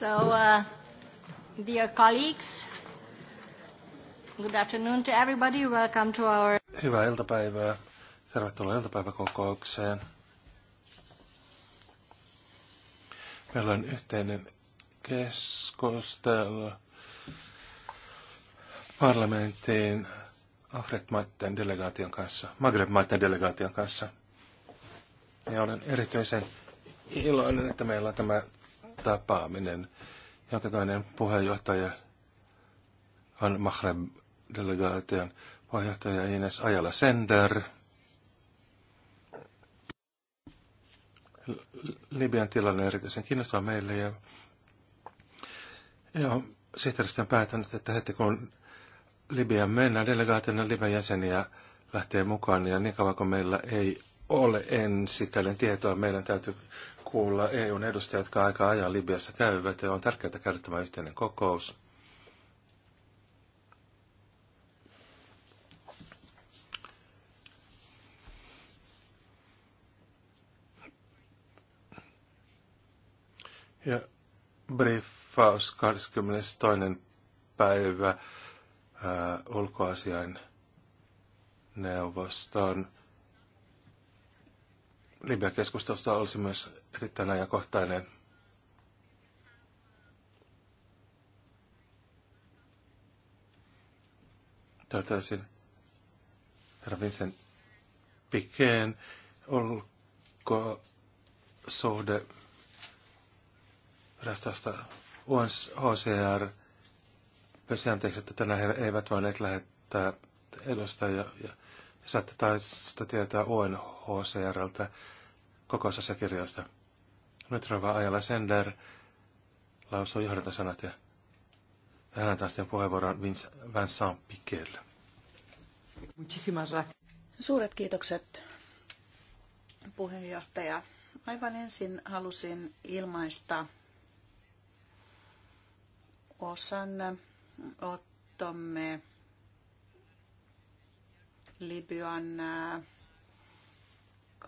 So, uh, dear colleagues, good afternoon to everybody. Welcome to our... Hyvää iltapäivää. Tervetuloa iltapäiväkokoukseen. Meillä on yhteinen keskustelu parlamentin Afret-maiden delegaation kanssa, Maghreb-maiden delegaation kanssa. Ja olen erityisen iloinen, että meillä on tämä tapaaminen, jonka toinen puheenjohtaja on Mahreb-delegaation puheenjohtaja Ines Ajala Sender. Libian tilanne on erityisen kiinnostava meille ja, ja sihteeristö on päätänyt, että heti kun Libyan mennään, delegaationa Libian jäseniä lähtee mukaan niin ja niin kauan kuin meillä ei ole ensikäden tietoa, meidän täytyy kuulla EUn edustajat, jotka aika ajan Libiassa käyvät, ja on tärkeää käydä tämä yhteinen kokous. Ja briefaus 22. päivä ää, äh, ulkoasiain neuvoston Libia-keskustelusta olisi myös erittäin ajankohtainen. Toivottavasti herra Vincent Pikeen olko suhde rastasta UNHCR pesi anteeksi, että tänään he eivät voineet lähettää edustajia. Ja saatte taas sitä tietää UNHCRltä kokousasiakirjoista. kirjoista. Nyt Rova Ajala Sender lausuu johdantasanat ja hän antaa sitten puheenvuoron Vincent Piquelle. Suuret kiitokset puheenjohtaja. Aivan ensin halusin ilmaista osan ottomme Libyan äh,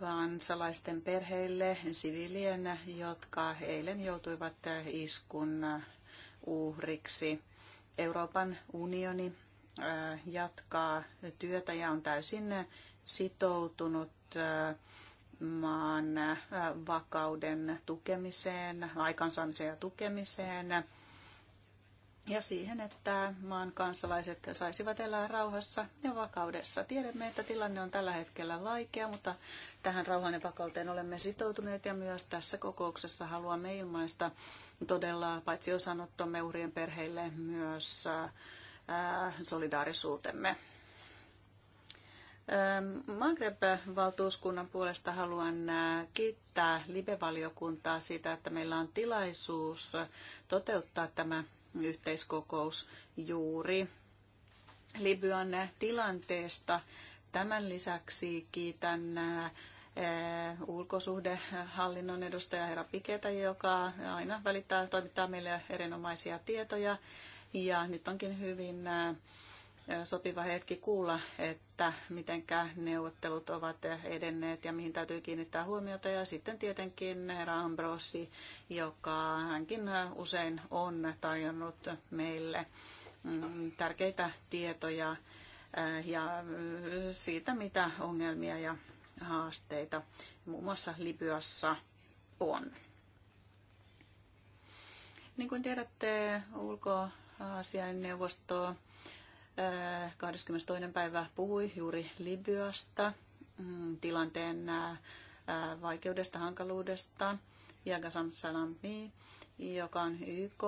kansalaisten perheille, siviilien, jotka eilen joutuivat iskun uhriksi. Euroopan unioni äh, jatkaa työtä ja on täysin sitoutunut äh, maan äh, vakauden tukemiseen, aikansaamiseen ja tukemiseen ja siihen, että maan kansalaiset saisivat elää rauhassa ja vakaudessa. Tiedämme, että tilanne on tällä hetkellä vaikea, mutta tähän rauhan ja vakauteen olemme sitoutuneet ja myös tässä kokouksessa haluamme ilmaista todella paitsi osanottomme uhrien perheille myös ää, äh, solidaarisuutemme. Ähm, Maghreb-valtuuskunnan puolesta haluan äh, kiittää live-valiokuntaa siitä, että meillä on tilaisuus toteuttaa tämä yhteiskokous juuri Libyan tilanteesta. Tämän lisäksi kiitän eh, ulkosuhdehallinnon edustaja Herra Piketä, joka aina välittää, toimittaa meille erinomaisia tietoja. Ja nyt onkin hyvin eh, sopiva hetki kuulla, että mitenkä neuvottelut ovat edenneet ja mihin täytyy kiinnittää huomiota. Ja sitten tietenkin herra Ambrosi, joka hänkin usein on tarjonnut meille mm, tärkeitä tietoja ja siitä, mitä ongelmia ja haasteita muun muassa Libyassa on. Niin kuin tiedätte, ulkoasiainneuvosto 22. päivä puhui juuri Libyasta, mm, tilanteen vaikeudesta, hankaluudesta. Ja Ghazam Salami, joka on YK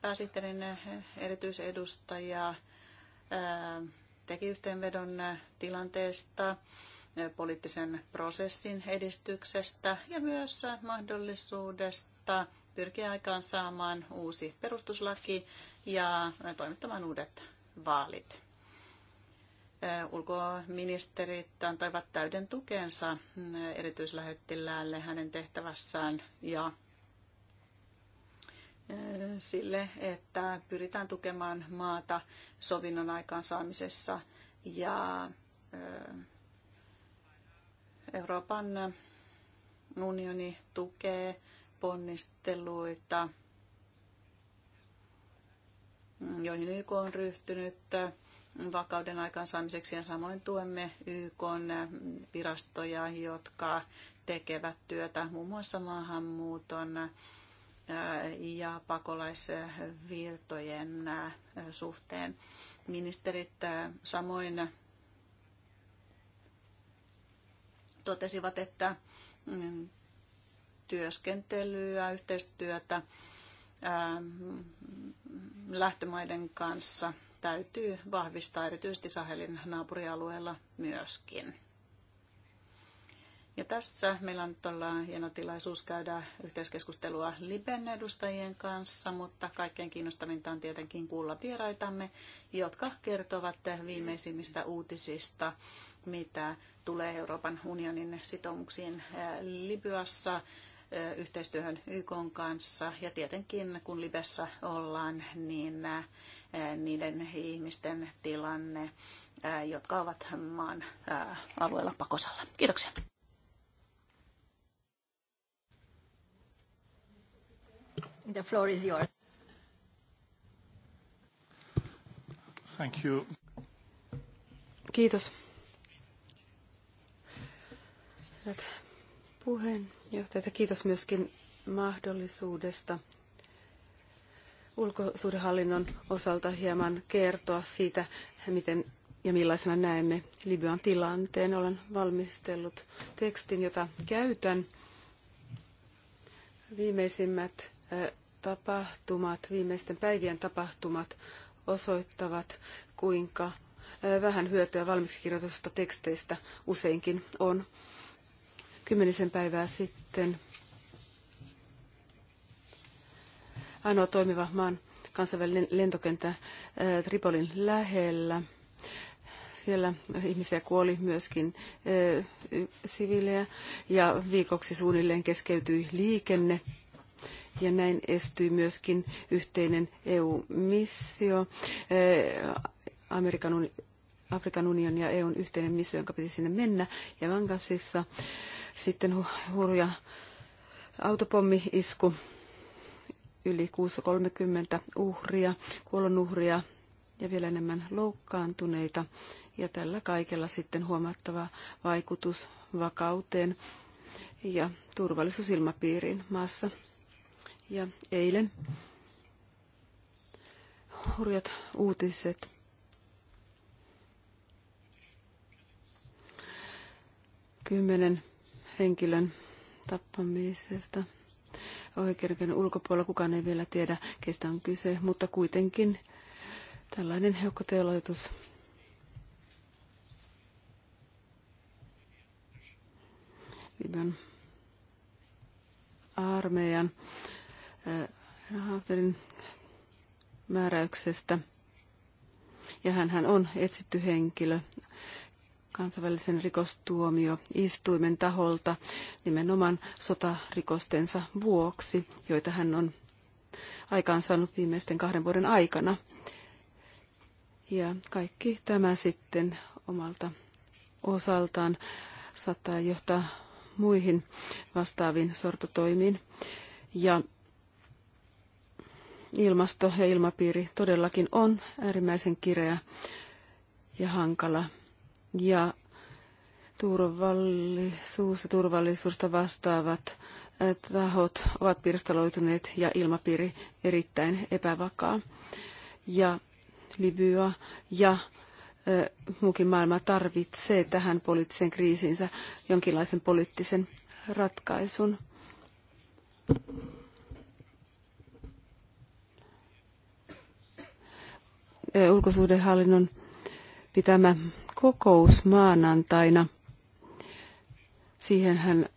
pääsihteerin erityisedustaja, teki yhteenvedon tilanteesta, poliittisen prosessin edistyksestä ja myös mahdollisuudesta pyrkiä aikaan saamaan uusi perustuslaki ja toimittamaan uudet vaalit. Ulkoministerit antoivat täyden tukensa erityislähettiläälle hänen tehtävässään ja sille, että pyritään tukemaan maata sovinnon aikaansaamisessa ja Euroopan unioni tukee ponnisteluita joihin YK on ryhtynyt vakauden aikaansaamiseksi ja samoin tuemme YK virastoja, jotka tekevät työtä muun muassa maahanmuuton ja pakolaisvirtojen suhteen. Ministerit samoin totesivat, että mm, työskentelyä, yhteistyötä lähtömaiden kanssa täytyy vahvistaa erityisesti Sahelin naapurialueella myöskin. Ja tässä meillä on ollaan hieno tilaisuus käydä yhteiskeskustelua Liben edustajien kanssa, mutta kaikkein kiinnostavinta on tietenkin kuulla vieraitamme, jotka kertovat viimeisimmistä uutisista, mitä tulee Euroopan unionin sitoumuksiin eh, Libyassa yhteistyöhön YK kanssa. Ja tietenkin kun Libessä ollaan, niin niiden ihmisten tilanne, jotka ovat maan alueella pakosalla. Kiitoksia. The floor is yours. Thank you. Kiitos puheenjohtaja. Kiitos myöskin mahdollisuudesta ulkosuudenhallinnon osalta hieman kertoa siitä, miten ja millaisena näemme Libyan tilanteen. Olen valmistellut tekstin, jota käytän. Viimeisimmät tapahtumat, viimeisten päivien tapahtumat osoittavat, kuinka vähän hyötyä valmiiksi kirjoitusta teksteistä useinkin on kymmenisen päivää sitten. Ainoa toimiva maan kansainvälinen lentokenttä eh, Tripolin lähellä. Siellä ihmisiä kuoli myöskin eh, siviilejä ja viikoksi suunnilleen keskeytyi liikenne ja näin estyi myöskin yhteinen EU-missio. Eh, Amerikan Afrikan unionin ja EUn yhteinen missio, jonka piti sinne mennä. Ja Langasissa sitten hurja autopommi-isku, yli 630 uhria, kuolonuhria ja vielä enemmän loukkaantuneita. Ja tällä kaikella sitten huomattava vaikutus vakauteen ja turvallisuusilmapiiriin maassa. Ja eilen hurjat uutiset kymmenen henkilön tappamisesta oikeuden ulkopuolella. Kukaan ei vielä tiedä, kestä on kyse, mutta kuitenkin tällainen heukkoteloitus Libyan armeijan eh, Haftarin määräyksestä. Ja hän on etsitty henkilö kansainvälisen rikostuomioistuimen taholta nimenomaan sotarikostensa vuoksi, joita hän on aikaansaanut viimeisten kahden vuoden aikana. Ja kaikki tämä sitten omalta osaltaan saattaa johtaa muihin vastaaviin sortotoimiin. Ja ilmasto ja ilmapiiri todellakin on äärimmäisen kireä ja hankala ja turvallisuus ja turvallisuudesta vastaavat tahot ovat pirstaloituneet ja ilmapiiri erittäin epävakaa. Ja Libya ja muukin maailma tarvitsee tähän poliittiseen kriisiinsä jonkinlaisen poliittisen ratkaisun. Ulkosuhdehallinnon pitämä kokous maanantaina. Siihen hän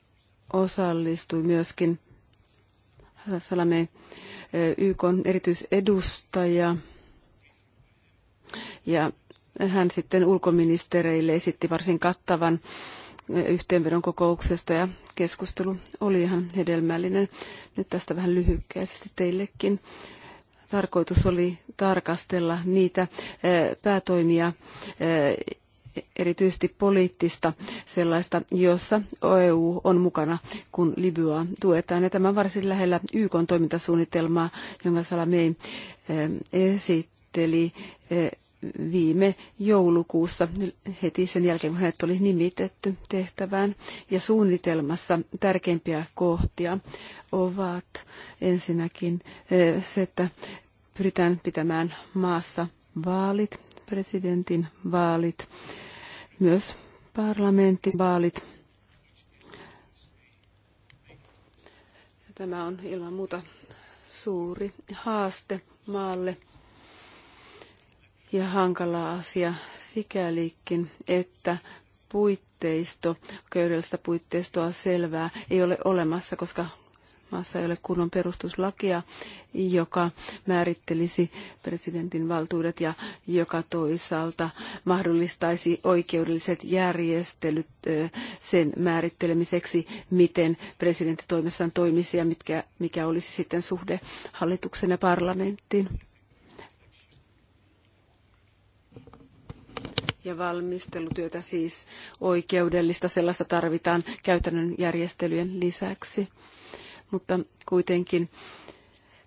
osallistui myöskin Salame e, YK erityisedustaja. Ja hän sitten ulkoministereille esitti varsin kattavan e, yhteenvedon kokouksesta ja keskustelu oli ihan hedelmällinen. Nyt tästä vähän lyhykkäisesti teillekin. Tarkoitus oli tarkastella niitä e, päätoimia, erityisesti poliittista sellaista, jossa EU on mukana, kun Libyaa tuetaan. Ja tämä on varsin lähellä YK toimintasuunnitelmaa, jonka Salamei eh, esitteli eh, viime joulukuussa heti sen jälkeen, kun hänet oli nimitetty tehtävään. Ja suunnitelmassa tärkeimpiä kohtia ovat ensinnäkin eh, se, että pyritään pitämään maassa vaalit presidentin vaalit, myös parlamentin vaalit. Ja tämä on ilman muuta suuri haaste maalle ja hankala asia sikälikin, että puitteisto, köydellistä puitteistoa selvää ei ole olemassa, koska maassa ei ole kunnon perustuslakia, joka määrittelisi presidentin valtuudet ja joka toisaalta mahdollistaisi oikeudelliset järjestelyt sen määrittelemiseksi, miten presidentti toimessaan toimisi ja mitkä, mikä olisi sitten suhde hallituksen ja parlamenttiin. ja valmistelutyötä siis oikeudellista sellaista tarvitaan käytännön järjestelyjen lisäksi mutta kuitenkin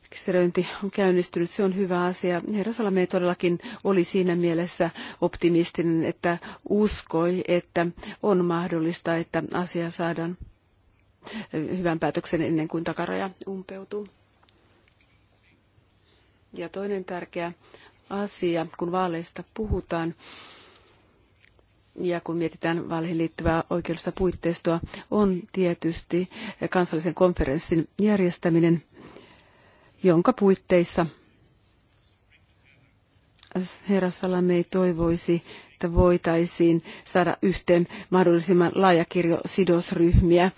rekisteröinti on käynnistynyt, se on hyvä asia. Herra Salame todellakin oli siinä mielessä optimistinen, että uskoi, että on mahdollista, että asia saadaan hyvän päätöksen ennen kuin takaraja umpeutuu. Ja toinen tärkeä asia, kun vaaleista puhutaan, ja kun mietitään vaaleihin liittyvää oikeudellista puitteistoa, on tietysti kansallisen konferenssin järjestäminen, jonka puitteissa herra Salamei toivoisi, että voitaisiin saada yhteen mahdollisimman laaja kirjo sidosryhmiä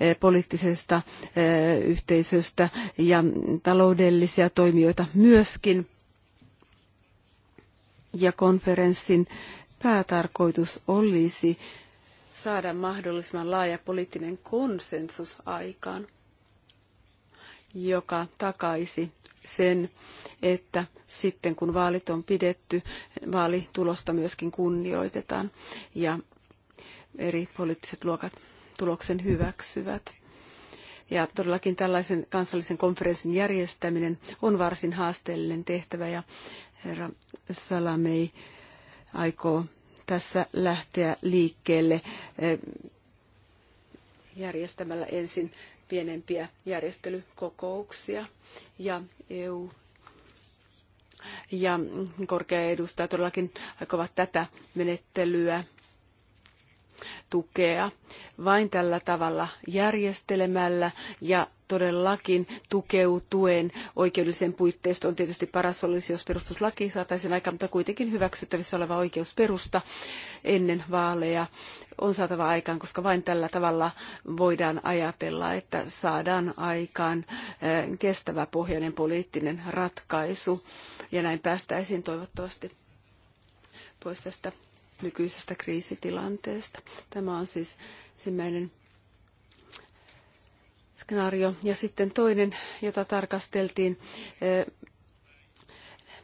eh, poliittisesta eh, yhteisöstä ja taloudellisia toimijoita myöskin. Ja konferenssin päätarkoitus olisi saada mahdollisimman laaja poliittinen konsensus aikaan, joka takaisi sen, että sitten kun vaalit on pidetty, vaalitulosta myöskin kunnioitetaan ja eri poliittiset luokat tuloksen hyväksyvät. Ja todellakin tällaisen kansallisen konferenssin järjestäminen on varsin haasteellinen tehtävä ja herra Salamei aikoo tässä lähteä liikkeelle eh, järjestämällä ensin pienempiä järjestelykokouksia ja EU ja korkea edustaja todellakin aikovat tätä menettelyä tukea. Vain tällä tavalla järjestelemällä ja todellakin tukeutuen oikeudellisen puitteiston on tietysti paras olisi, jos perustuslaki saataisiin aikaan, mutta kuitenkin hyväksyttävissä oleva oikeusperusta ennen vaaleja on saatava aikaan, koska vain tällä tavalla voidaan ajatella, että saadaan aikaan eh, kestävä pohjainen poliittinen ratkaisu ja näin päästäisiin toivottavasti pois tästä nykyisestä kriisitilanteesta. Tämä on siis ensimmäinen skenaario. Ja sitten toinen, jota tarkasteltiin e,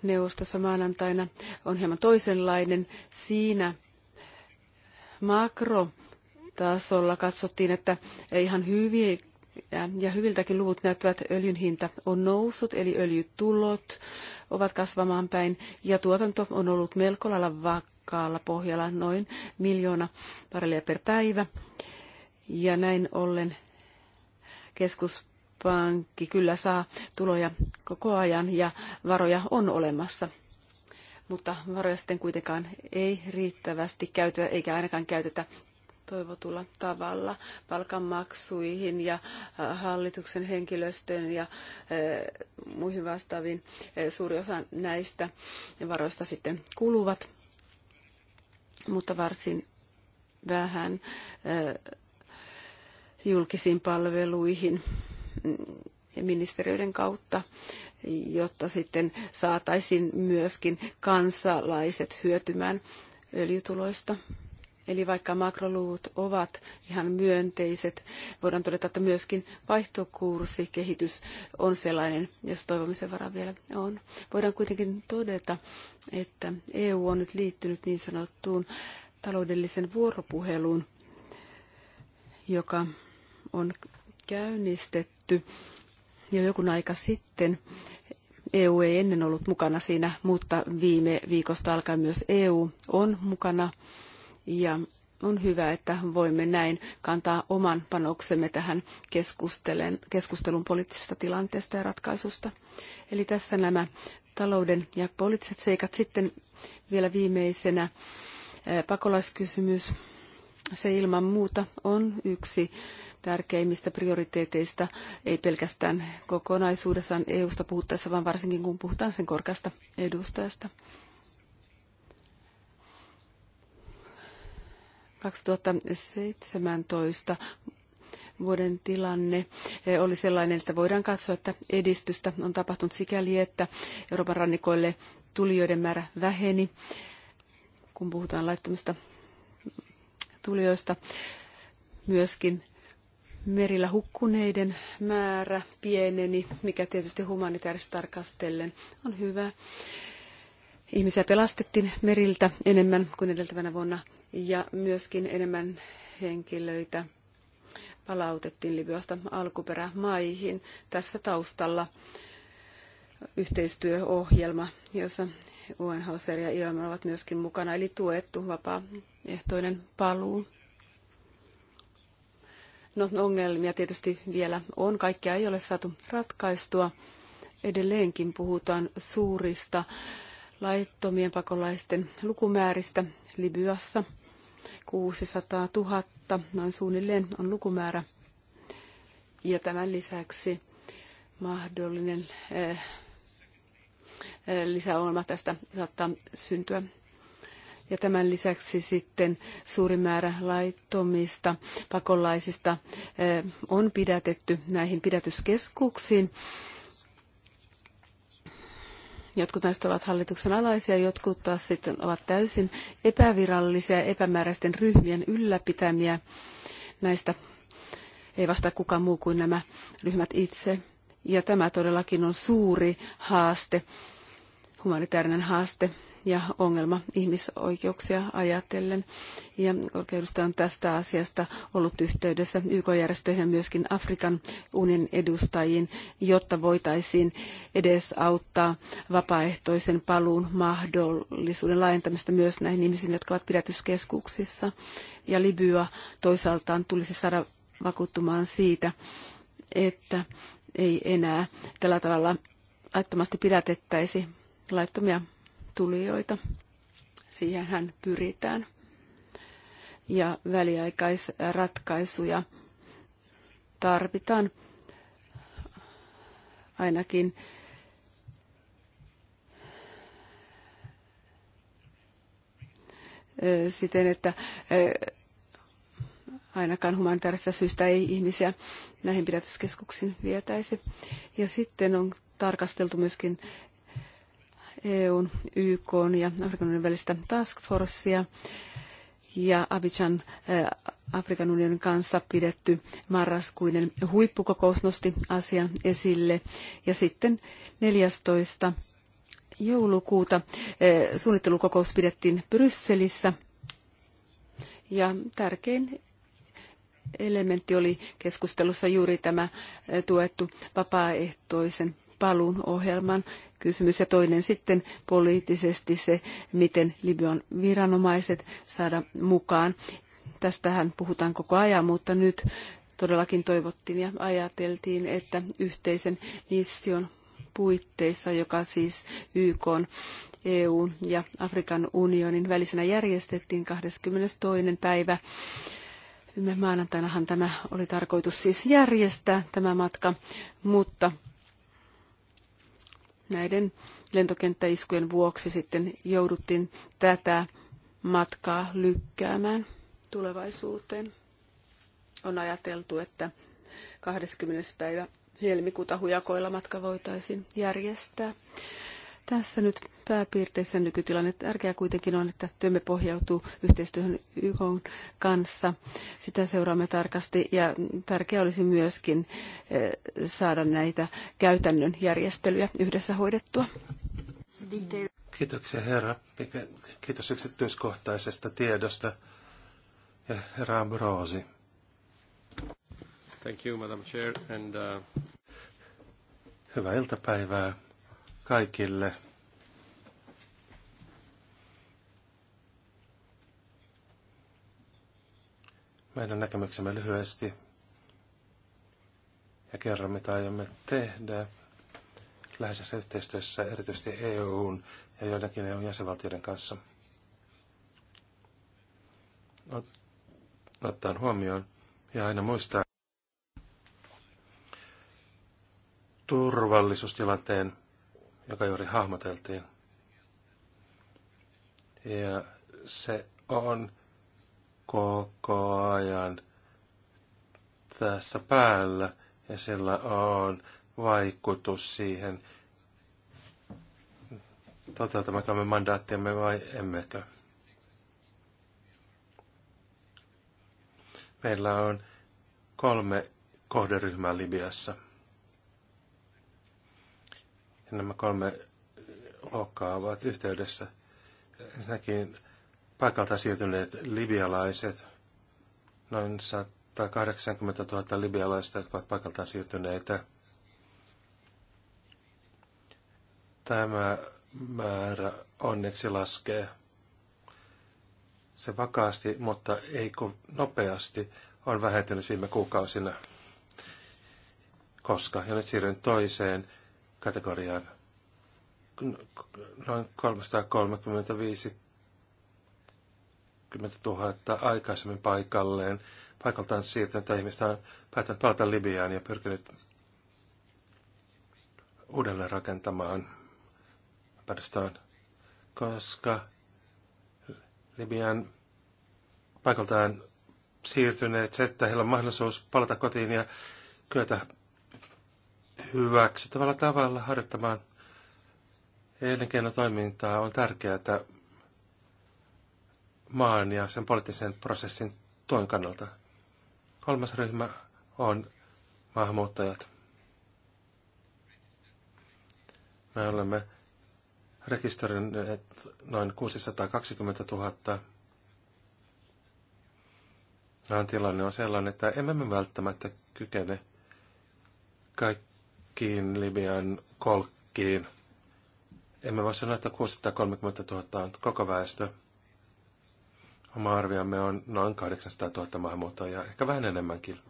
neuvostossa maanantaina, on hieman toisenlainen. Siinä makrotasolla katsottiin, että ihan hyviä ja hyviltäkin luvut näyttävät, että öljyn hinta on noussut, eli öljytulot ovat kasvamaan päin, ja tuotanto on ollut melko lailla vakaalla pohjalla noin miljoona barrelia per päivä. Ja näin ollen keskuspankki kyllä saa tuloja koko ajan ja varoja on olemassa. Mutta varoja sitten kuitenkaan ei riittävästi käytetä, eikä ainakaan käytetä toivotulla tavalla palkanmaksuihin ja hallituksen henkilöstön ja muihin vastaaviin. Suuri osa näistä varoista sitten kuluvat mutta varsin vähän äh, julkisiin palveluihin mm, ja ministeriöiden kautta, jotta sitten saataisiin myöskin kansalaiset hyötymään öljytuloista. Eli vaikka makroluvut ovat ihan myönteiset, voidaan todeta, että myöskin vaihtokurssikehitys on sellainen, jos toivomisen varaa vielä on. Voidaan kuitenkin todeta, että EU on nyt liittynyt niin sanottuun taloudellisen vuoropuheluun, joka on käynnistetty jo jokun aika sitten. EU ei ennen ollut mukana siinä, mutta viime viikosta alkaen myös EU on mukana ja on hyvä, että voimme näin kantaa oman panoksemme tähän keskustelun poliittisesta tilanteesta ja ratkaisusta. Eli tässä nämä talouden ja poliittiset seikat. Sitten vielä viimeisenä pakolaiskysymys. Se ilman muuta on yksi tärkeimmistä prioriteeteista, ei pelkästään kokonaisuudessaan EU-sta puhuttaessa, vaan varsinkin kun puhutaan sen korkeasta edustajasta. 2017 vuoden tilanne eh, oli sellainen, että voidaan katsoa, että edistystä on tapahtunut sikäli, että Euroopan rannikoille tulijoiden määrä väheni, kun puhutaan laittomista tulijoista. Myöskin merillä hukkuneiden määrä pieneni, mikä tietysti humanitaarista tarkastellen on hyvä. Ihmisiä pelastettiin meriltä enemmän kuin edeltävänä vuonna ja myöskin enemmän henkilöitä palautettiin Libyasta alkuperämaihin. Tässä taustalla yhteistyöohjelma, jossa UNHCR ja IOM ovat myöskin mukana, eli tuettu vapaaehtoinen paluu. No, ongelmia tietysti vielä on. Kaikkea ei ole saatu ratkaistua. Edelleenkin puhutaan suurista laittomien pakolaisten lukumääristä Libyassa. 600 000, noin suunnilleen on lukumäärä. Ja tämän lisäksi mahdollinen eh, eh, lisäongelma tästä saattaa syntyä. Ja tämän lisäksi sitten suuri määrä laittomista pakolaisista eh, on pidätetty näihin pidätyskeskuksiin Jotkut näistä ovat hallituksen alaisia, jotkut taas sitten ovat täysin epävirallisia, epämääräisten ryhmien ylläpitämiä. Näistä ei vastaa kukaan muu kuin nämä ryhmät itse. Ja tämä todellakin on suuri haaste, humanitaarinen haaste ja ongelma ihmisoikeuksia ajatellen. Ja korkeudesta on tästä asiasta ollut yhteydessä YK-järjestöihin ja myöskin Afrikan unionin edustajiin, jotta voitaisiin edes auttaa vapaaehtoisen paluun mahdollisuuden laajentamista myös näihin ihmisiin, jotka ovat pidätyskeskuksissa. Ja Libya toisaaltaan tulisi saada vakuuttumaan siitä, että ei enää tällä tavalla laittomasti pidätettäisi laittomia tulijoita. Siihenhän pyritään. Ja väliaikaisratkaisuja tarvitaan ainakin siten, että e, ainakaan humanitaarista syystä ei ihmisiä näihin pidätyskeskuksiin vietäisi. Ja sitten on tarkasteltu myöskin EUn, YK ja Afrikan unionin välistä task forcea ja Abidjan eh, Afrikan unionin kanssa pidetty marraskuinen huippukokous nosti asian esille. Ja sitten 14. joulukuuta eh, suunnittelukokous pidettiin Brysselissä. Ja tärkein elementti oli keskustelussa juuri tämä eh, tuettu vapaaehtoisen paluun ohjelman kysymys ja toinen sitten poliittisesti se, miten Libyan viranomaiset saada mukaan. Tästähän puhutaan koko ajan, mutta nyt todellakin toivottiin ja ajateltiin, että yhteisen mission puitteissa, joka siis YK EUn ja Afrikan unionin välisenä järjestettiin 22. päivä. Maanantainahan tämä oli tarkoitus siis järjestää tämä matka, mutta näiden lentokenttäiskujen vuoksi sitten jouduttiin tätä matkaa lykkäämään tulevaisuuteen. On ajateltu, että 20. päivä helmikuuta hujakoilla matka voitaisiin järjestää. Tässä nyt pääpiirteissä nykytilanne. Tärkeää kuitenkin on, että työmme pohjautuu yhteistyöhön YK kanssa. Sitä seuraamme tarkasti ja tärkeää olisi myöskin eh, saada näitä käytännön järjestelyjä yhdessä hoidettua. Kiitoksia herra. Kiitos yksityiskohtaisesta tiedosta. Ja herra Ambrosi. Thank you, Madam Chair. And, uh... Hyvää iltapäivää kaikille. Meidän näkemyksemme lyhyesti ja kerran mitä aiomme tehdä läheisessä yhteistyössä erityisesti EUn ja joidenkin EUn jäsenvaltioiden kanssa. Ottaen huomioon ja aina muistaa turvallisuustilanteen joka juuri hahmoteltiin. Ja se on koko ajan tässä päällä ja sillä on vaikutus siihen, toteutammeko me mandaattiamme vai emmekö. Meillä on kolme kohderyhmää Libiassa – ja nämä kolme luokkaa ovat yhteydessä. Ensinnäkin paikalta siirtyneet libialaiset, noin 180 000 libialaista, jotka ovat paikaltaan siirtyneitä. Tämä määrä onneksi laskee. Se vakaasti, mutta ei kun nopeasti, on vähentynyt viime kuukausina. Koska, ja nyt siirryn toiseen kategoriaan. Noin 335 000 aikaisemmin paikalleen. Paikaltaan siirtynyt ihmistä on päättänyt palata Libiaan ja pyrkinyt uudelleen rakentamaan Pärstöön, koska Libian paikaltaan siirtyneet, se, että heillä on mahdollisuus palata kotiin ja kyetä hyväksyttävällä tavalla harjoittamaan elinkeinotoimintaa on tärkeää että maan ja sen poliittisen prosessin tuen kannalta. Kolmas ryhmä on maahanmuuttajat. Me olemme rekisteröineet noin 620 000. Tämä tilanne on sellainen, että emme me välttämättä kykene kaikki Irakin, Libian kolkkiin. Emme voi sanoa, että 630 000 on koko väestö. Oma arviamme on noin 800 000 maahanmuuttajaa, ehkä vähän enemmänkin.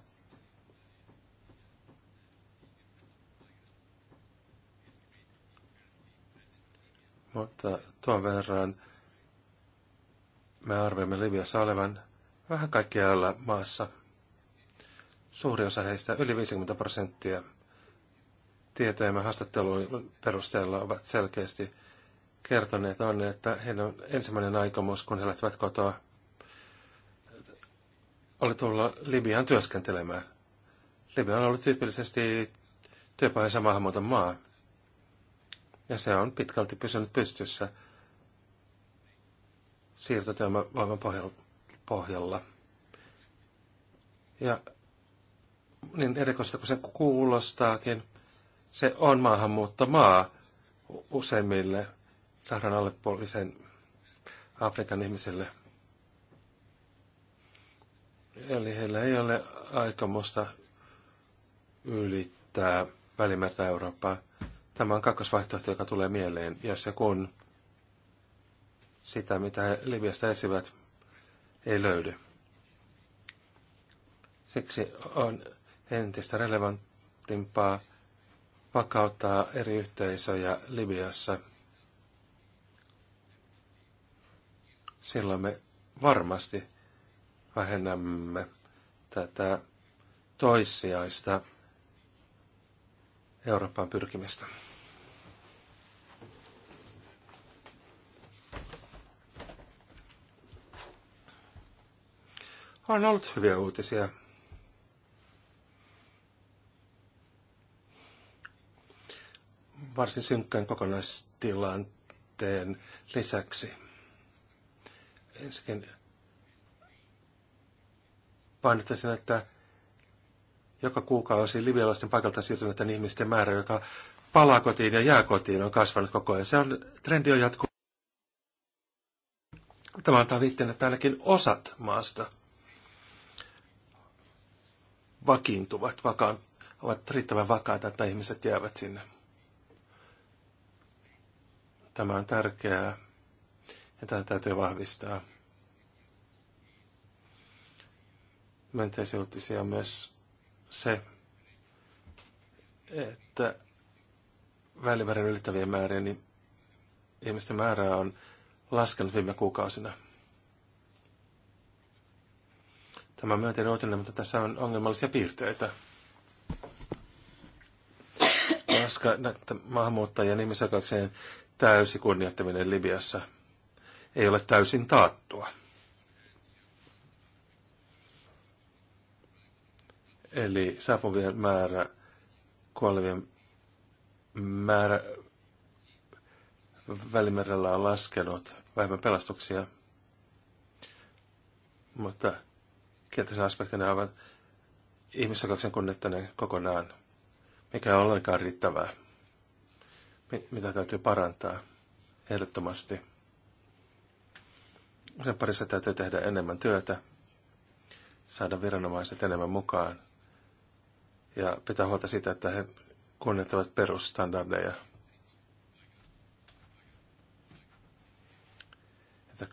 Mutta tuon verran me arvioimme Libiassa olevan vähän kaikkialla maassa. Suuri osa heistä, yli 50 prosenttia, tietojemme haastattelujen perusteella ovat selkeästi kertoneet, on, että heidän ensimmäinen aikomus, kun he lähtivät kotoa, oli tulla Libiaan työskentelemään. Libia on ollut tyypillisesti työpahansa maahanmuuton maa. Ja se on pitkälti pysynyt pystyssä siirtotyövoiman pohjalla. Ja niin erikoista kuin se kuulostaakin, se on maahanmuuttomaa useimmille Saharan allepuolisen Afrikan ihmisille. Eli heillä ei ole aikomusta ylittää Välimerta Eurooppaa. Tämä on kakkosvaihtoehto, joka tulee mieleen, jos ja kun sitä, mitä he Libiasta esivät ei löydy. Siksi on entistä relevantimpaa vakauttaa eri yhteisöjä Libiassa. Silloin me varmasti vähennämme tätä toissijaista Euroopan pyrkimistä. On ollut hyviä uutisia. varsin synkkän kokonaistilanteen lisäksi. Ensinnäkin painottaisin, että joka kuukausi libialaisten paikalta siirtyneiden ihmisten määrä, joka palaa kotiin ja jää kotiin, on kasvanut koko ajan. Se on, trendi on jatkuu. Tämä antaa viitteen, että ainakin osat maasta vakiintuvat, vakaan, ovat riittävän vakaita, että ihmiset jäävät sinne. Tämä on tärkeää ja tätä täytyy vahvistaa. Menteisiltisiä on myös se, että välimäärän ylittävien määrien niin ihmisten määrää on laskenut viime kuukausina. Tämä on myönteinen uutinen, mutta tässä on ongelmallisia piirteitä. Koska maahanmuuttajien ihmisoikeuksien täysi kunnioittaminen Libiassa ei ole täysin taattua. Eli saapuvien määrä, kuolevien määrä Välimerellä on laskenut, vähemmän pelastuksia. Mutta kielteisen aspektina ovat ihmisoikeuksien kunnettaneet kokonaan, mikä on ollenkaan riittävää mitä täytyy parantaa ehdottomasti. Sen parissa täytyy tehdä enemmän työtä, saada viranomaiset enemmän mukaan ja pitää huolta siitä, että he kunnioittavat perusstandardeja. Että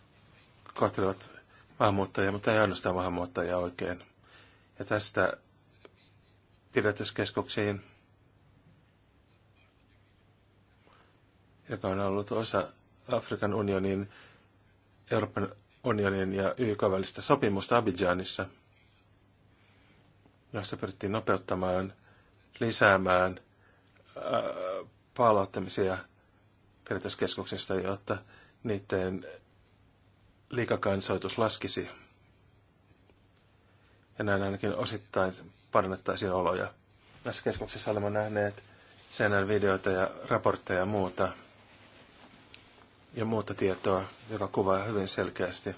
kohtelevat maahanmuuttajia, mutta ei ainoastaan maahanmuuttajia oikein. Ja tästä pidätyskeskuksiin joka on ollut osa Afrikan unionin, Euroopan unionin ja YK välistä sopimusta Abidjanissa, jossa pyrittiin nopeuttamaan, lisäämään ää, äh, palauttamisia pidätyskeskuksista, jotta niiden liikakansoitus laskisi. Ja näin ainakin osittain parannettaisiin oloja. Näissä keskuksissa olemme nähneet CNN videoita ja raportteja ja muuta – ja muuta tietoa, joka kuvaa hyvin selkeästi,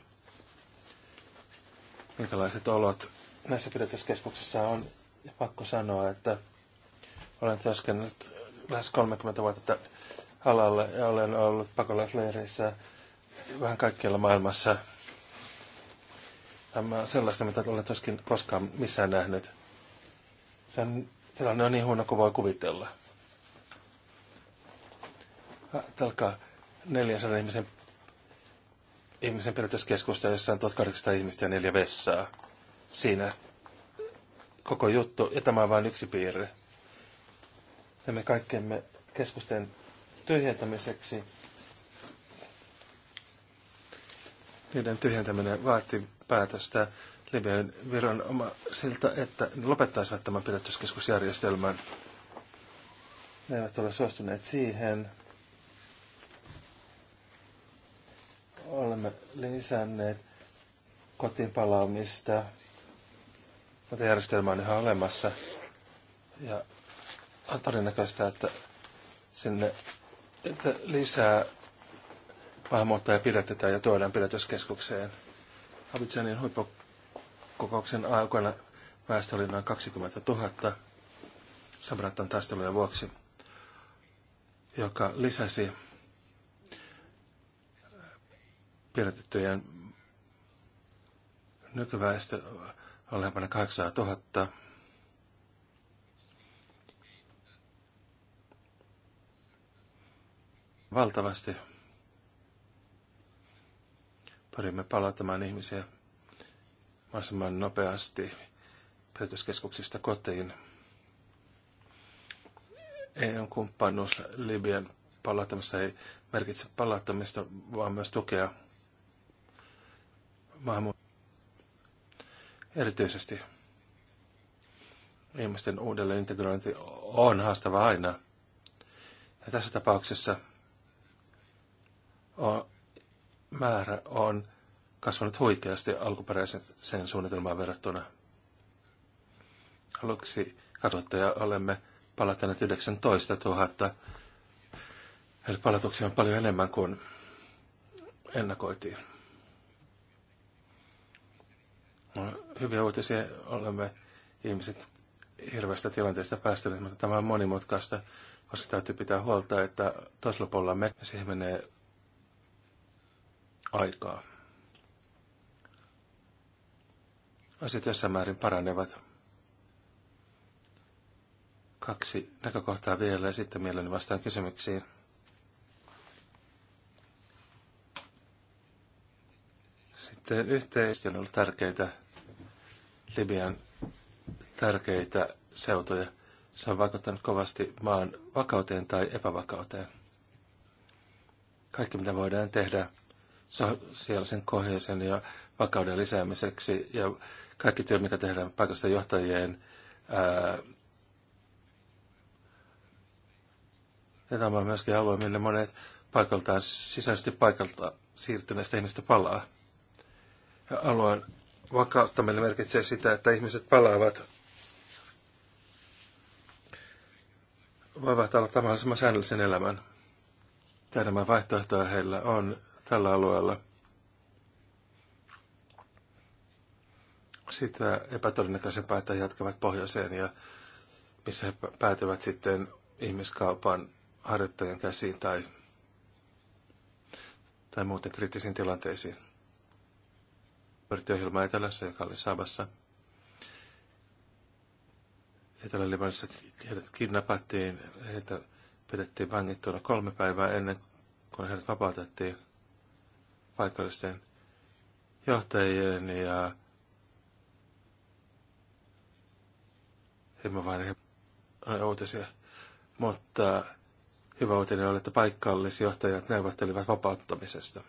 minkälaiset olot näissä pidätyskeskuksissa on. Ja pakko sanoa, että olen työskennellyt lähes 30 vuotta alalla ja olen ollut pakolaisleirissä vähän kaikkialla maailmassa. Tämä on sellaista, mitä olen tuskin koskaan missään nähnyt. Sen tilanne on niin huono kuin voi kuvitella. Ajatelkaa, 400 ihmisen, ihmisen pidätyskeskusta, jossa on 1800 ihmistä ja neljä vessaa. Siinä koko juttu, ja tämä on vain yksi piirre. me kaikkemme keskusten tyhjentämiseksi. Niiden tyhjentäminen vaati päätöstä Libyan viranomaisilta, että ne lopettaisivat tämän pidätyskeskusjärjestelmän. Ne eivät ole suostuneet siihen. olemme lisänneet kotiin palaamista, mutta järjestelmä on ihan olemassa. Ja on todennäköistä, että sinne että lisää maahanmuuttajia pidätetään ja tuodaan pidätyskeskukseen. Abidjanin huippukokouksen aikana väestö oli noin 20 000 Sabrattan taistelujen vuoksi, joka lisäsi pidätettyjen nykyväestö on lähempänä 800 000. Valtavasti pyrimme palauttamaan ihmisiä mahdollisimman nopeasti pidätyskeskuksista kotiin. EU-kumppanuus Libyan palauttamisessa ei merkitse palauttamista, vaan myös tukea maahanmuut erityisesti ihmisten uudelleen integrointi on haastava aina. Ja tässä tapauksessa on, määrä on kasvanut huikeasti alkuperäisen sen suunnitelmaan verrattuna. Aluksi katsottaja olemme palattaneet 19 000. Eli palatuksia on paljon enemmän kuin ennakoitiin. No, hyviä uutisia. Olemme ihmiset hirveästä tilanteesta päästäneet, mutta tämä on monimutkaista, koska täytyy pitää huolta, että toisella puolella me siihen menee aikaa. Asiat jossain määrin paranevat. Kaksi näkökohtaa vielä ja sitten mielelläni vastaan kysymyksiin. sitten yhteistyö on ollut tärkeitä Libian tärkeitä seutuja. Se on vaikuttanut kovasti maan vakauteen tai epävakauteen. Kaikki mitä voidaan tehdä sosiaalisen koheisen ja vakauden lisäämiseksi ja kaikki työ, mikä tehdään paikasta johtajien ja tämä on myöskin alue, millä monet paikaltaan, sisäisesti paikalta siirtyneistä ihmistä palaa. Ja alueen vakauttaminen merkitsee sitä, että ihmiset palaavat, voivat olla tavallisemman säännöllisen elämän. tämä vaihtoehtoja heillä on tällä alueella. Sitä epätodennäköisempää, että he jatkavat pohjoiseen ja missä he päätyvät sitten ihmiskaupan harjoittajan käsiin tai, tai muuten kriittisiin tilanteisiin partiohjelma Etelässä, joka oli Sabassa. Etelä-Libanissa heidät kidnappattiin, heitä pidettiin vangittuna kolme päivää ennen kuin heidät vapautettiin paikallisten johtajien ja vain uutisia. Mutta hyvä uutinen oli, että paikallisjohtajat neuvottelivat vapauttamisesta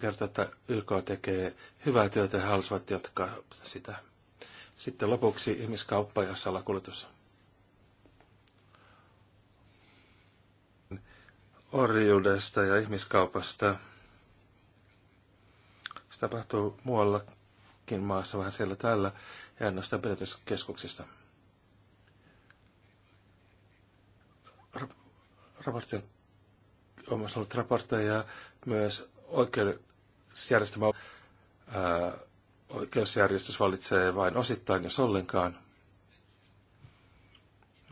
kertoo, että YK tekee hyvää työtä ja halusivat jatkaa sitä. Sitten lopuksi ihmiskauppa ja salakuljetus. Orjuudesta ja ihmiskaupasta. Se tapahtuu muuallakin maassa, vähän siellä täällä, ja ainoastaan pidätyskeskuksista. Raportti on ollut raportteja myös oikeusjärjestelmä, ää, oikeusjärjestys valitsee vain osittain, jos ollenkaan.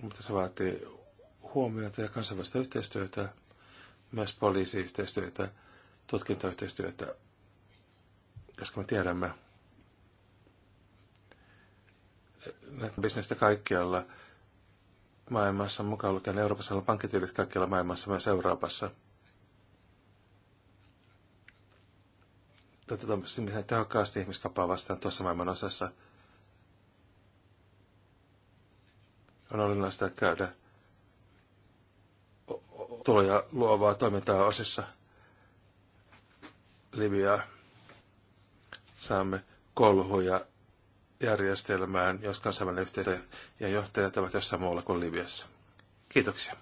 Mutta se vaatii huomiota ja kansainvälistä yhteistyötä, myös poliisiyhteistyötä, tutkintayhteistyötä, koska me tiedämme näitä bisnestä kaikkialla maailmassa, mukaan lukien Euroopassa, on pankkitilit kaikkialla maailmassa, myös Euroopassa – Tätä tämä tehokkaasti ihmiskauppaa vastaan tuossa maailman osassa. On olennaista käydä tuloja luovaa toimintaa osissa Libyaa Saamme kolhuja järjestelmään, jos kansainvälinen yhteisö ja johtajat ovat jossain muualla kuin Libiassa. Kiitoksia.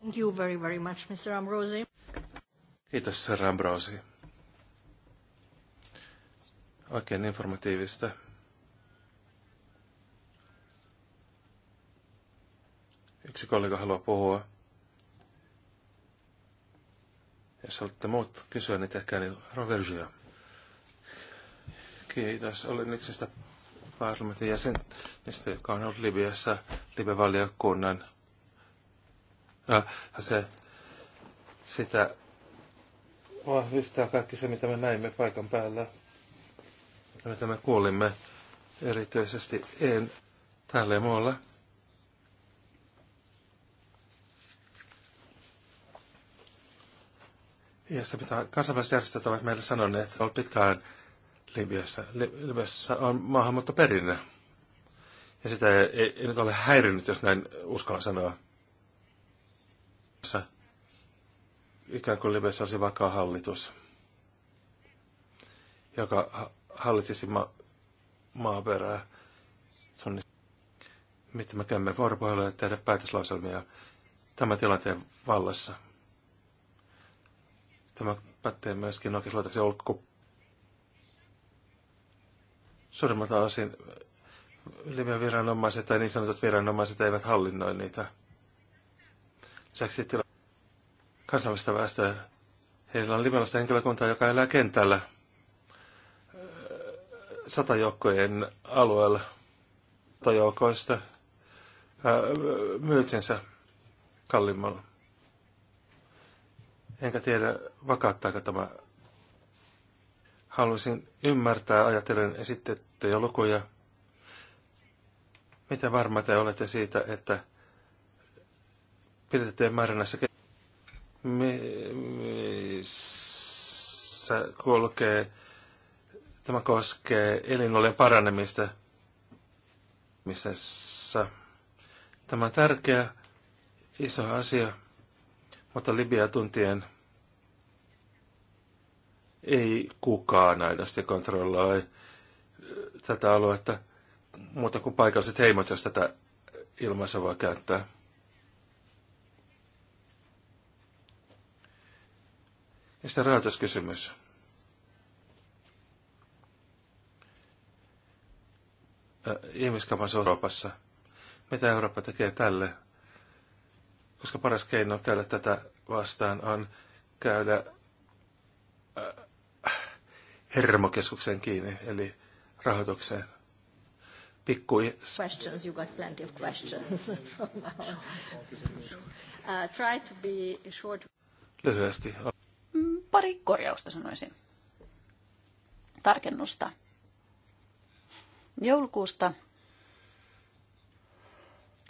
Thank you very, very much, Mr. Ambrosi. Kiitos, Sir Ambrosi oikein informatiivista. Yksi kollega haluaa puhua. Jos haluatte muut kysyä, niin tehkää niin Rovergia. Kiitos. Olen sitä parlamentin jäsenistä, joka on ollut Libiassa Libe-valiokunnan. se, sitä vahvistaa kaikki se, mitä me näimme paikan päällä joita me kuulimme erityisesti en tälle muualla. Ja sitä mitä kansainväliset järjestöt ovat meille sanoneet, että olet pitkään Libyassa. Libyassa on maahanmuuttoperinne. Ja sitä ei, ei, ei nyt ole häirinnyt, jos näin uskallan sanoa. Ikään kuin Libyassa olisi vakaa hallitus, joka hallitsisi ma- maaperää. Tunni, miten me käymme vuoropuhelua ja tehdä päätöslauselmia tämän tilanteen vallassa. Tämä pätee myöskin oikeuslaitoksen ulko suurimmalta osin limen viranomaiset tai niin sanotut viranomaiset eivät hallinnoi niitä. Lisäksi tila kansainvälistä väestöä. Heillä on limeläistä henkilökuntaa, joka elää kentällä satajoukkojen alueella satajoukoista myytinsä kalliimmalla. Enkä tiedä, vakauttaako tämä. Haluaisin ymmärtää ajatellen esitettyjä lukuja. Mitä varma te olette siitä, että pidetään määränässä missä kulkee Tämä koskee elinolojen paranemista, missä tämä on tärkeä, iso asia, mutta Libia tuntien ei kukaan aidosti kontrolloi äh, tätä aluetta muuta kuin paikalliset heimot, jos tätä ilmaisua voi käyttää. Ja sitten rahoituskysymys. ihmiskaupassa Euroopassa. Mitä Eurooppa tekee tälle? Koska paras keino käydä tätä vastaan on käydä hermokeskuksen kiinni, eli rahoitukseen. Pikku... Questions, you got plenty of questions uh, try to be short. Lyhyesti. Mm, pari korjausta sanoisin. Tarkennusta Joulukuusta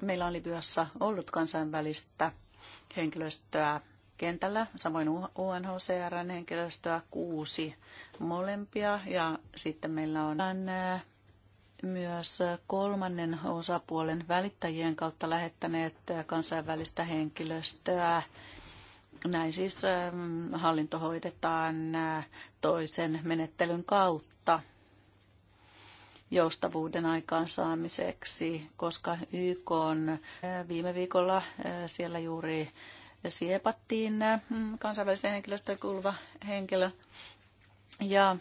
meillä on Libyassa ollut kansainvälistä henkilöstöä kentällä, samoin UNHCRn henkilöstöä kuusi molempia ja sitten meillä on myös kolmannen osapuolen välittäjien kautta lähettäneet kansainvälistä henkilöstöä. Näin siis mm, hallinto hoidetaan äh, toisen menettelyn kautta joustavuuden aikaansaamiseksi, koska YK on eh, viime viikolla eh, siellä juuri siepattiin mm, kansainväliseen henkilöstöön kuuluva henkilö. Ja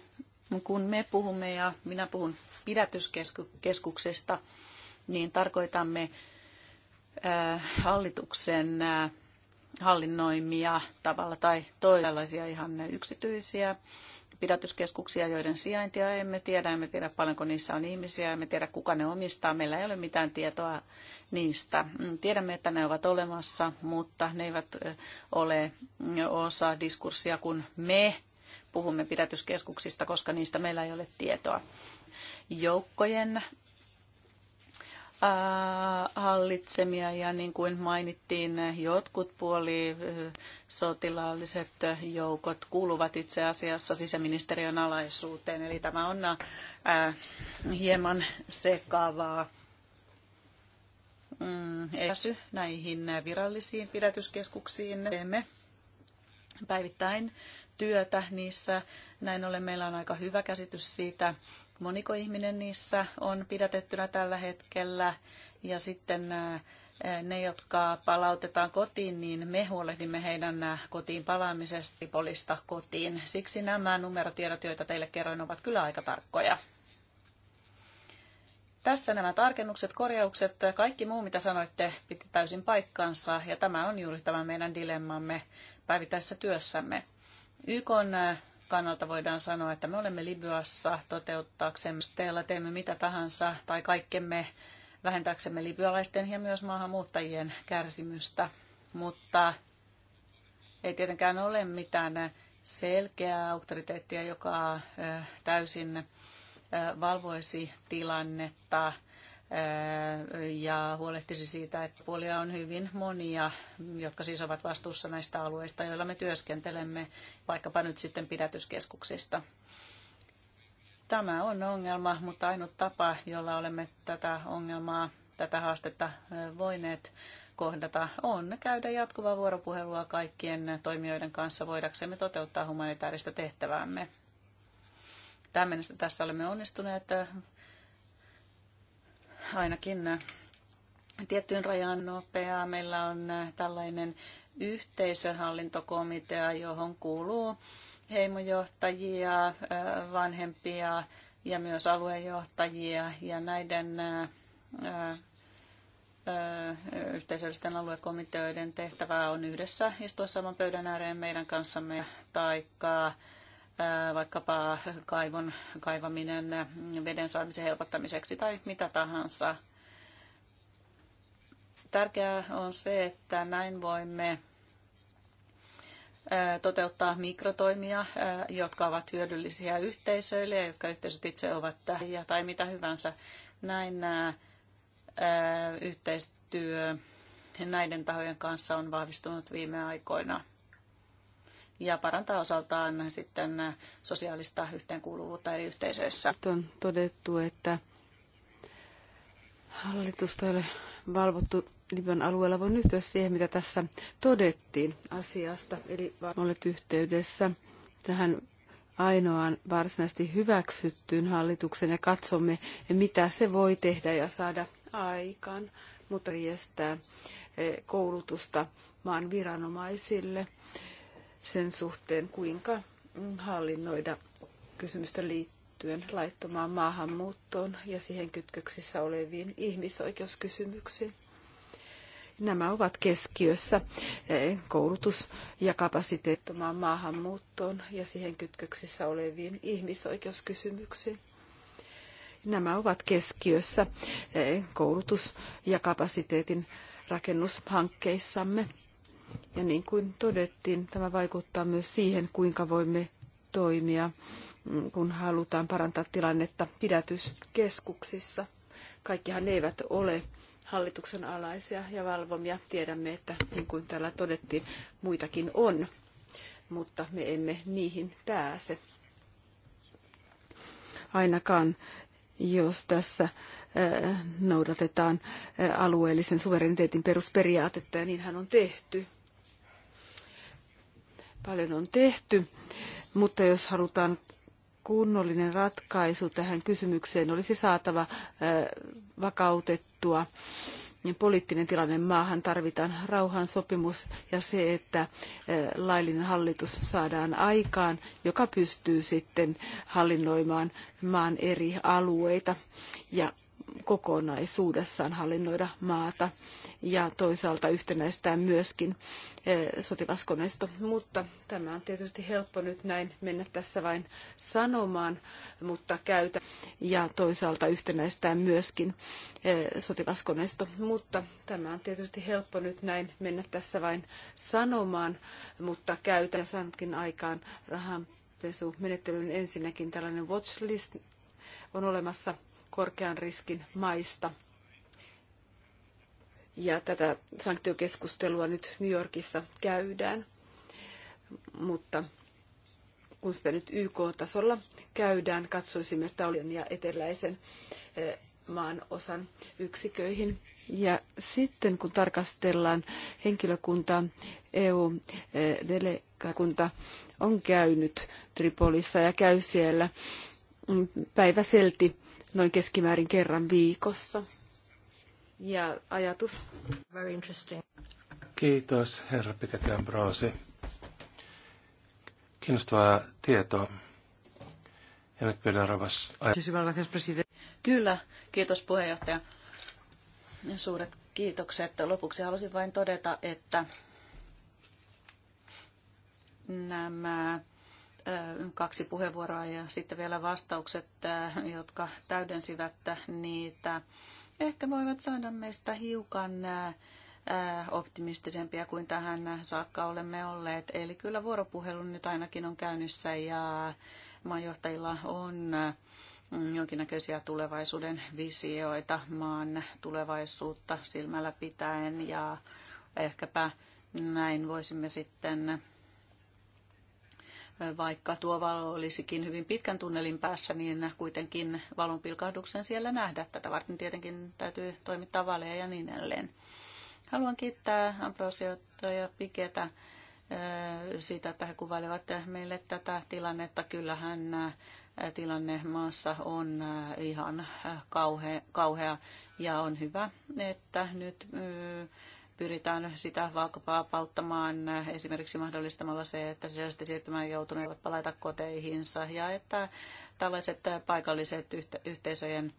kun me puhumme ja minä puhun pidätyskeskuksesta, niin tarkoitamme eh, hallituksen hallinnoimia tavalla tai toisenlaisia ihan yksityisiä pidätyskeskuksia, joiden sijaintia emme tiedä, emme tiedä paljonko niissä on ihmisiä, emme tiedä kuka ne omistaa, meillä ei ole mitään tietoa niistä. Mm, tiedämme, että ne ovat olemassa, mutta ne eivät ole mm, osa diskurssia, kun me puhumme pidätyskeskuksista, koska niistä meillä ei ole tietoa. Joukkojen Äh, hallitsemia ja niin kuin mainittiin, jotkut puoli äh, sotilaalliset joukot kuuluvat itse asiassa sisäministeriön alaisuuteen. Eli tämä on äh, hieman sekavaa mm, Esy näihin virallisiin pidätyskeskuksiin. Teemme päivittäin työtä niissä. Näin ollen meillä on aika hyvä käsitys siitä, moniko ihminen niissä on pidätettynä tällä hetkellä. Ja sitten eh, ne, jotka palautetaan kotiin, niin me huolehdimme heidän eh, kotiin palaamisesta polista kotiin. Siksi nämä numerotiedot, joita teille kerroin, ovat kyllä aika tarkkoja. Tässä nämä tarkennukset, korjaukset, kaikki muu mitä sanoitte piti täysin paikkansa ja tämä on juuri tämä meidän dilemmamme päivittäisessä työssämme. YK kannalta voidaan sanoa, että me olemme Libyassa toteuttaaksemme teillä teemme mitä tahansa tai kaikkemme vähentääksemme libyalaisten ja myös maahanmuuttajien kärsimystä, mutta ei tietenkään ole mitään selkeää auktoriteettia, joka täysin valvoisi tilannetta ja huolehtisi siitä, että puolia on hyvin monia, jotka siis ovat vastuussa näistä alueista, joilla me työskentelemme, vaikkapa nyt sitten pidätyskeskuksista. Tämä on ongelma, mutta ainut tapa, jolla olemme tätä ongelmaa, tätä haastetta voineet kohdata, on käydä jatkuvaa vuoropuhelua kaikkien toimijoiden kanssa voidaksemme toteuttaa humanitaarista tehtäväämme. Tämän mennessä tässä olemme onnistuneet ainakin äh, tiettyyn rajaan nopeaa. Meillä on äh, tällainen yhteisöhallintokomitea, johon kuuluu heimojohtajia, äh, vanhempia ja myös aluejohtajia. Ja näiden yhteisöllisten aluekomiteoiden tehtävää on yhdessä istua saman pöydän ääreen meidän kanssamme taikka vaikkapa kaivon, kaivaminen veden saamisen helpottamiseksi tai mitä tahansa. Tärkeää on se, että näin voimme toteuttaa mikrotoimia, jotka ovat hyödyllisiä yhteisöille ja jotka yhteisöt itse ovat tähiä tai mitä hyvänsä. Näin nämä yhteistyö näiden tahojen kanssa on vahvistunut viime aikoina ja parantaa osaltaan sitten sosiaalista yhteenkuuluvuutta eri yhteisöissä. On todettu, että hallitusta ei ole valvottu Libyan alueella. Voin yhtyä siihen, mitä tässä todettiin asiasta. Eli olet yhteydessä tähän ainoaan varsinaisesti hyväksyttyyn hallituksen ja katsomme, mitä se voi tehdä ja saada aikaan, mutta järjestää eh, koulutusta maan viranomaisille sen suhteen, kuinka hallinnoida kysymystä liittyen laittomaan maahanmuuttoon ja siihen kytköksissä oleviin ihmisoikeuskysymyksiin. Nämä ovat keskiössä eh, koulutus- ja kapasiteettomaan maahanmuuttoon ja siihen kytköksissä oleviin ihmisoikeuskysymyksiin. Nämä ovat keskiössä eh, koulutus- ja kapasiteetin rakennushankkeissamme. Ja niin kuin todettiin, tämä vaikuttaa myös siihen, kuinka voimme toimia, mm, kun halutaan parantaa tilannetta pidätyskeskuksissa. Kaikkihan ne eivät ole hallituksen alaisia ja valvomia. Tiedämme, että niin kuin täällä todettiin, muitakin on, mutta me emme niihin pääse. Ainakaan jos tässä äh, noudatetaan äh, alueellisen suvereniteetin perusperiaatetta, ja niinhän on tehty. Paljon on tehty, mutta jos halutaan kunnollinen ratkaisu tähän kysymykseen, olisi saatava vakautettua poliittinen tilanne maahan. Tarvitaan rauhansopimus ja se, että laillinen hallitus saadaan aikaan, joka pystyy sitten hallinnoimaan maan eri alueita ja kokonaisuudessaan hallinnoida maata ja toisaalta yhtenäistää myöskin eh, sotilaskoneisto. Mutta tämä on tietysti helppo nyt näin mennä tässä vain sanomaan, mutta käytä ja toisaalta yhtenäistää myöskin eh, sotilaskoneisto. Mutta tämä on tietysti helppo nyt näin mennä tässä vain sanomaan, mutta käytä ja saankin aikaan rahanpesumenettelyn ensinnäkin tällainen watchlist on olemassa korkean riskin maista. Ja tätä sanktiokeskustelua nyt New Yorkissa käydään. Mutta kun sitä nyt YK-tasolla käydään, katsoisimme Taulin ja eteläisen eh, maan osan yksiköihin. Ja sitten kun tarkastellaan henkilökuntaa, EU-delegakunta eh, on käynyt Tripolissa ja käy siellä mm, päiväselti noin keskimäärin kerran viikossa. Ja ajatus. Very interesting. Kiitos, herra Piketty Ambrosi. Kiinnostavaa tietoa. Ja nyt pyydän ravas. Kyllä, kiitos puheenjohtaja. Suuret kiitokset. Lopuksi halusin vain todeta, että nämä kaksi puheenvuoroa ja sitten vielä vastaukset, jotka täydensivät niitä. Ehkä voivat saada meistä hiukan optimistisempia kuin tähän saakka olemme olleet. Eli kyllä vuoropuhelu nyt ainakin on käynnissä ja maanjohtajilla on mm, jonkinnäköisiä tulevaisuuden visioita maan tulevaisuutta silmällä pitäen ja ehkäpä näin voisimme sitten vaikka tuo valo olisikin hyvin pitkän tunnelin päässä, niin kuitenkin valonpilkahduksen siellä nähdä. Tätä varten tietenkin täytyy toimittaa valeja ja niin edelleen. Haluan kiittää Ambrosiota ja Piketä äh, siitä, että he kuvailevat meille tätä tilannetta. Kyllähän äh, tilanne maassa on äh, ihan kauhea, kauhea ja on hyvä, että nyt pyritään sitä pauttamaan esimerkiksi mahdollistamalla se, että sisäisesti siirtymään joutuneet palata koteihinsa ja että tällaiset paikalliset yhteisöjen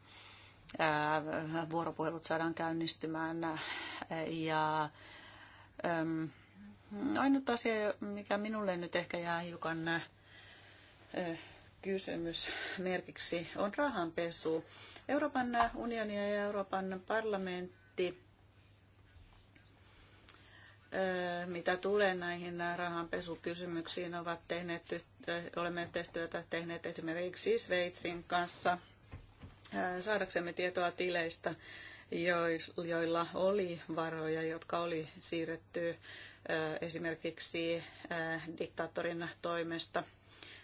vuoropuhelut saadaan käynnistymään. Ja, ainut asia, mikä minulle nyt ehkä jää hiukan kysymys merkiksi, on rahanpesu. Euroopan unioni ja Euroopan parlamentti mitä tulee näihin rahanpesukysymyksiin, ovat tehneet, olemme yhteistyötä tehneet esimerkiksi Sveitsin kanssa saadaksemme tietoa tileistä, joilla oli varoja, jotka oli siirretty esimerkiksi diktaattorin toimesta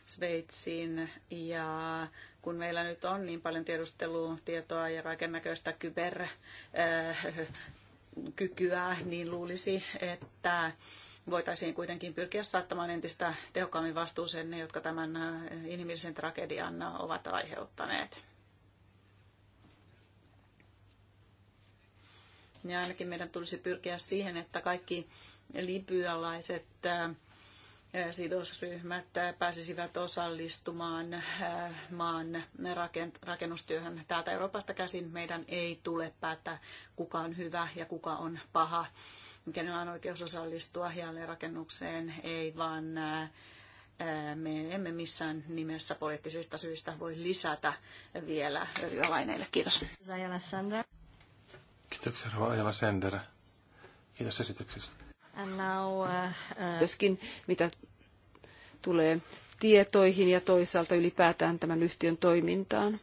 Sveitsiin. Ja kun meillä nyt on niin paljon tiedustelutietoa ja kaikennäköistä kyber kykyä, niin luulisi, että voitaisiin kuitenkin pyrkiä saattamaan entistä tehokkaammin vastuuseen ne, jotka tämän äh, inhimillisen tragedian äh, ovat aiheuttaneet. Ja ainakin meidän tulisi pyrkiä siihen, että kaikki libyalaiset äh, sidosryhmät pääsisivät osallistumaan maan rakennustyöhön. Täältä Euroopasta käsin meidän ei tule päättää, kuka on hyvä ja kuka on paha, kenellä on oikeus osallistua jälleenrakennukseen, ei vaan me emme missään nimessä poliittisista syistä voi lisätä vielä öljyalaineille. Kiitos. Kiitoksia, Rova Sender. Kiitos esityksestä. And uh, uh, Myöskin mitä tulee tietoihin ja toisaalta ylipäätään tämän yhtiön toimintaan.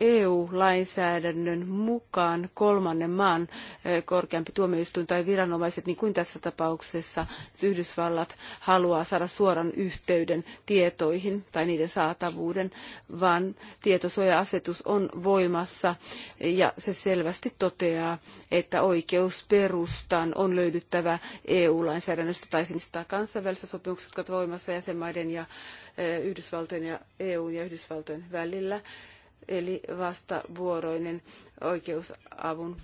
EU-lainsäädännön mukaan kolmannen maan eh, korkeampi tuomioistuin tai viranomaiset, niin kuin tässä tapauksessa Yhdysvallat haluaa saada suoran yhteyden tietoihin tai niiden saatavuuden, vaan tietosuoja-asetus on voimassa ja se selvästi toteaa, että oikeusperustan on löydyttävä EU-lainsäädännöstä tai sinistä kansainvälisistä sopimuksista, jotka ovat voimassa jäsenmaiden ja eh, Yhdysvaltojen ja EU ja Yhdysvaltojen välillä eli vastavuoroinen oikeusavun.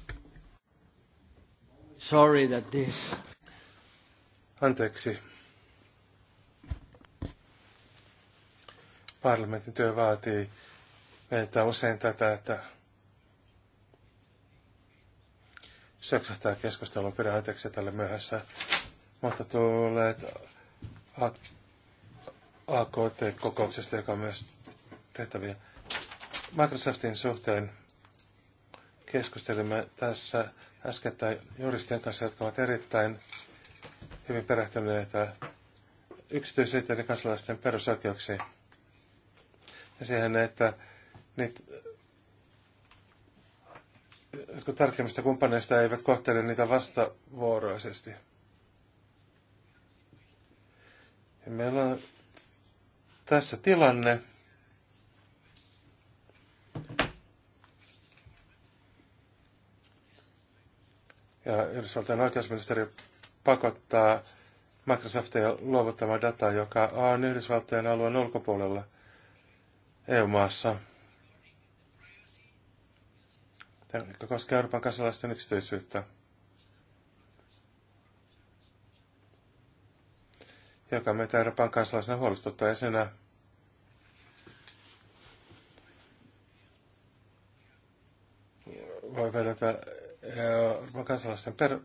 Sorry that this... Anteeksi. Parlamentin työ vaatii meiltä usein tätä, että syöksähtää keskustelun pyydän anteeksi tälle myöhässä. Mutta tulee AKT-kokouksesta, joka on myös tehtäviä. Microsoftin suhteen keskustelimme tässä äskettäin juristien kanssa, jotka ovat erittäin hyvin perehtyneitä yksityisyyteen ja kansalaisten perusoikeuksiin. Ja siihen, että niitä, jotkut tärkeimmistä kumppaneista eivät kohtele niitä vastavuoroisesti. Ja meillä on tässä tilanne, ja Yhdysvaltain oikeusministeriö pakottaa Microsoftia luovuttamaan dataa, joka on Yhdysvaltojen alueen ulkopuolella EU-maassa, Tämä koskee Euroopan kansalaisten yksityisyyttä, joka meitä Euroopan kansalaisena huolestuttaa ensinnä voi vedota Euroopan kansalaisten per,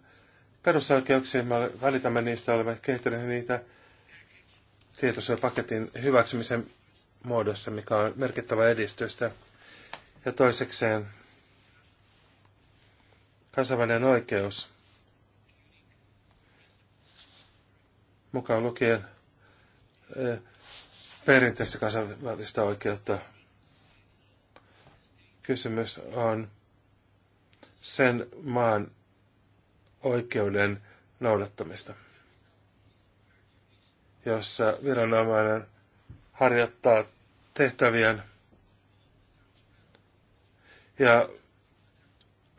perusoikeuksia. Me välitämme niistä, olemme kehittäneet niitä tietosuojapaketin hyväksymisen muodossa, mikä on merkittävä edistystä. Ja toisekseen kansainvälinen oikeus, mukaan lukien perinteistä kansainvälistä oikeutta. Kysymys on sen maan oikeuden noudattamista, jossa viranomainen harjoittaa tehtävien ja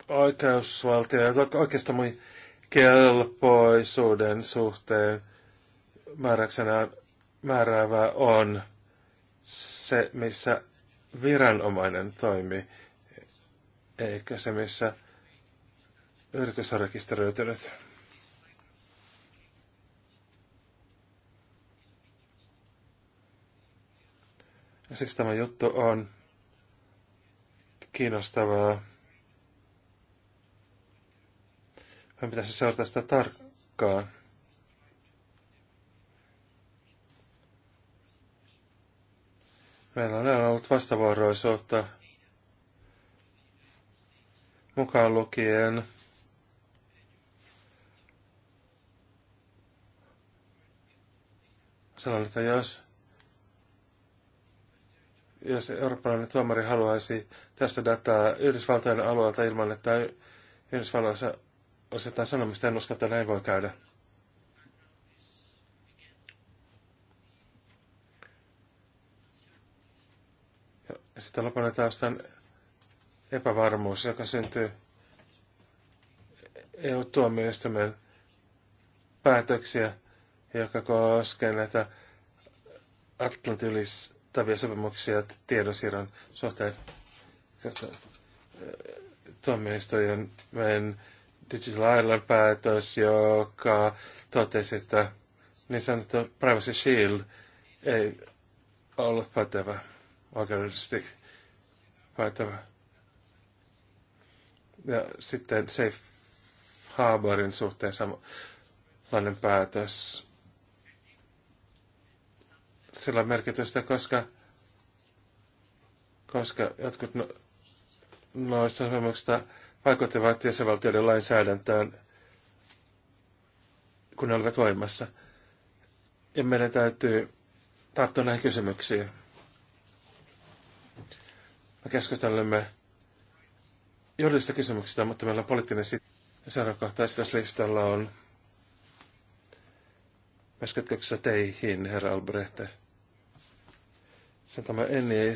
oikeusvaltio ja oikeastaan kelpoisuuden suhteen määräyksenä määräävä on se, missä viranomainen toimii, eikä se, missä yritys on rekisteröitynyt. Ja siksi tämä juttu on kiinnostavaa. Hän pitäisi seurata sitä tarkkaan. Meillä on ollut vastavuoroisuutta mukaan lukien sanoin, että jos, jos eurooppalainen tuomari haluaisi tästä dataa Yhdysvaltojen alueelta ilman, että Yhdysvalloissa jotain sanomista, en usko, että näin voi käydä. Ja sitten lopulta taustan epävarmuus, joka syntyy EU-tuomioistuimen päätöksiä joka koskee näitä Atlantin ylistäviä sopimuksia tiedonsiirron suhteen eh, tuomioistuimen Digital Island päätös, joka totesi, että niin sanottu Privacy Shield ei ollut pätevä, oikeudellisesti pätevä. Ja sitten Safe Harborin suhteen samanlainen päätös sillä merkitystä, koska, koska jotkut no, noissa noista sopimuksista vaikuttavat jäsenvaltioiden lainsäädäntöön, kun ne olivat voimassa. Ja meidän täytyy tarttua näihin kysymyksiin. Me keskustelemme juridista kysymyksistä, mutta meillä on poliittinen listalla on myös teihin, herra Albrecht. Sen tämä Enni